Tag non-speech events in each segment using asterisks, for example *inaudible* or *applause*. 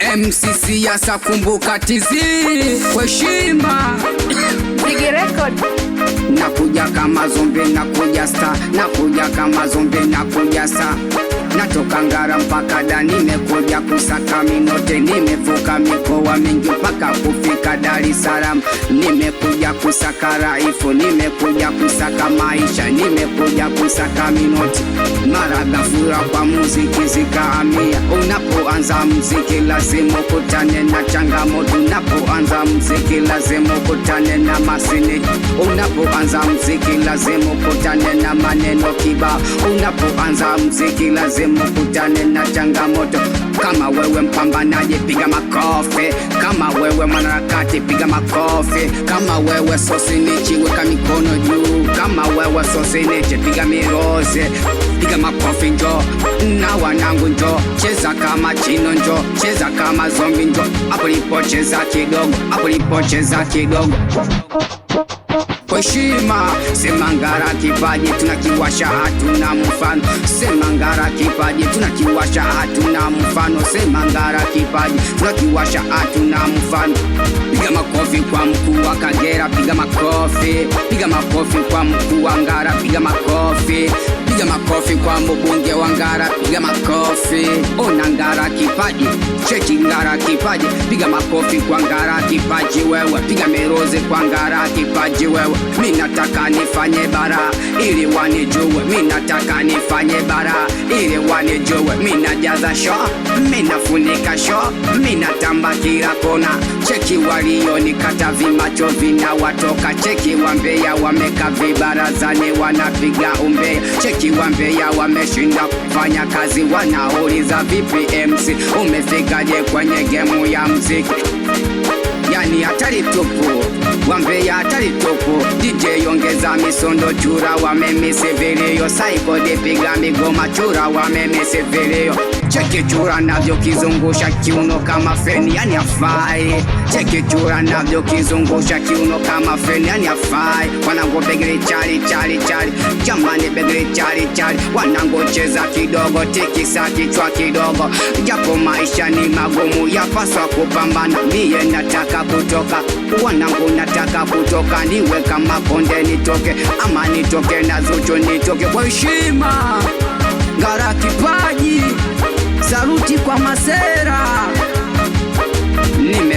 MC Siasa, kumbuka TZ weshimba nakuja kama zombe nakuja sta nakuja kama zombe nakuja sta natoka Ngara mpaka Da, nimekuja kusaka minote, nimevuka mikoa mingi mpaka kufika Dar Nimekuja kusaka raifu, nimekuja kusaka maisha, nimekuja kusaka minoti, mara gafura kwa muziki zikahamia unapo kuanza mziki lazima ukutane na changamoto. Unapoanza mziki lazima ukutane na masini. Unapoanza mziki lazima ukutane na maneno kiba. Unapoanza mziki lazima ukutane na changamoto. Kama wewe mpambanaji, piga makofi. Kama wewe mwanaharakati, piga makofi. Kama wewe sosinichi, weka mikono juu. Kama wewe sosinichi, piga mirozi, piga makofi. Njoo na wanangu, njoo cheza kama Chino njo cheza kama zombi njo, hapo nipocheza kidogo, hapo nipocheza kidogo heshima sema ngara kipaji tunakiwasha hatuna mfano semangara ngara kipaji tunakiwasha hatuna mfano semangara ngara kipaji tunakiwasha hatuna mfano makofi kwa mkuu wa Kagera, piga makofi, piga makofi kwa mkuu wa Ngara, piga makofi, piga makofi kwa mbunge wa Ngara, piga makofi. Ona Ngara kipaji, cheki Ngara kipaji, piga makofi kwa Ngara kipaji wewe, piga miruzi kwa Ngara kipaji wewe. minataka nifanye bara ili wanijue, mimi nataka nifanye bara ili wanijue. Mimi najaza show, mimi nafunika show, mimi kila kona, cheki walioni Kata vimacho vina watoka cheki wambeya wameka vibarazani wanapiga umbea cheki wambeya wameshinda kufanya kazi wanauliza vipi MC umefikaje kwenye gemu ya mziki yani hatari tupu wambea hatari tupu DJ yongeza misondo chura wamemisi vilio saiko dipiga migoma chura wamemisi vilio Chekichura navyokizungusha kiuno kama feni, yani afai. Chekichura navyokizungusha kiuno kama feni, yani afai. wanango begre chali chali chali, jamani begre chali chali. wanango cheza kidogo, saki chwa kidogo, japo maisha ni magumu, yapaswa kupambana. Mie nataka kutoka, wanango nataka kutoka, niwe kama konde nitoke, ama nitoke na Zuchu nitoke kwa heshima, ngara kipaji za mti kwa masera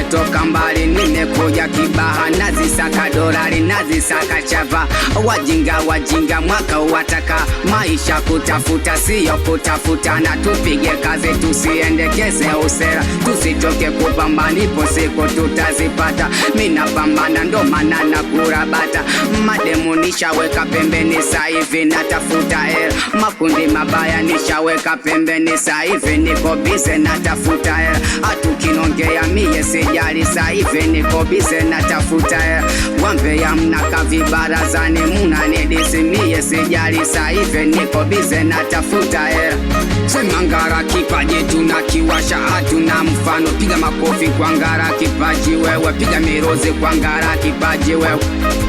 kutoka mbali nimekuja kibaha, nazisaka dolari, nazisaka chava. Wajinga wajinga mwaka wataka maisha kutafuta, siyo kutafuta. Na tupige kazi, tusiendekeze usera, tusitoke kupambanipo, siku tutazipata. Mina pambana ndo maana na kurabata, mademu nishaweka pembeni, sasa hivi natafuta hela. Makundi mabaya nishaweka pembeni, sasa hivi niko bize natafuta hela ninaongea mie sijali, saivi niko bize natafuta eh, wambea mnaka vibarazani munanidisi mie sijali, saivi niko na natafuta hela eh. sema ngara kipaji tuna kiwasha hatuna mfano piga makofi kwa ngara kipaji wewe piga mirozi kwa ngara kipaji wewe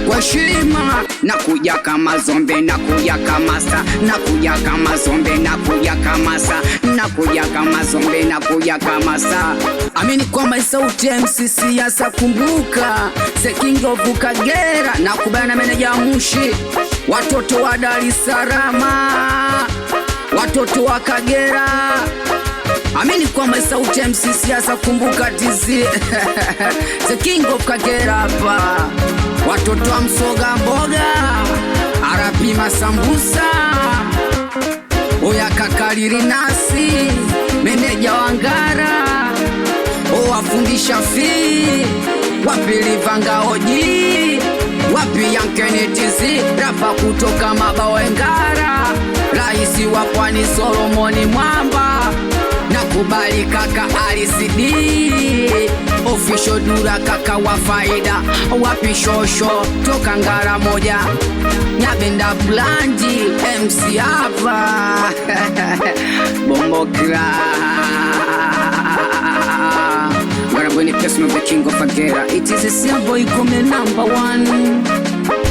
kwa shima na kuja kama zombe na kuja kama sa na kuja kama zombe na kuja kama sa na kuja kama zombe na kuja kama sa Amini kwamba ni sauti ya MC Siasa. Kumbuka The King of Kagera na kubana meneja Mushi, watoto wa Dar es Salaam, watoto wa Kagera. Amini kwamba ni sauti ya MC Siasa. Kumbuka TZ *laughs* The King of Kagera hapa, watoto wa msoga mboga, arabi masambusa, oya kakaliri nasi meneja Shafi, wapi Livanga Oji, wapi Yankenetisi, rapa kutoka Mabawengara, raisi wa pwani Solomoni Mwamba, nakubali kaka Alisidi ofisho dura kaka wa faida wapi shosho toka ngara moja nyabenda blandi MC hapa *laughs* bongo When it gets me the king of a It is a simple, you come number one.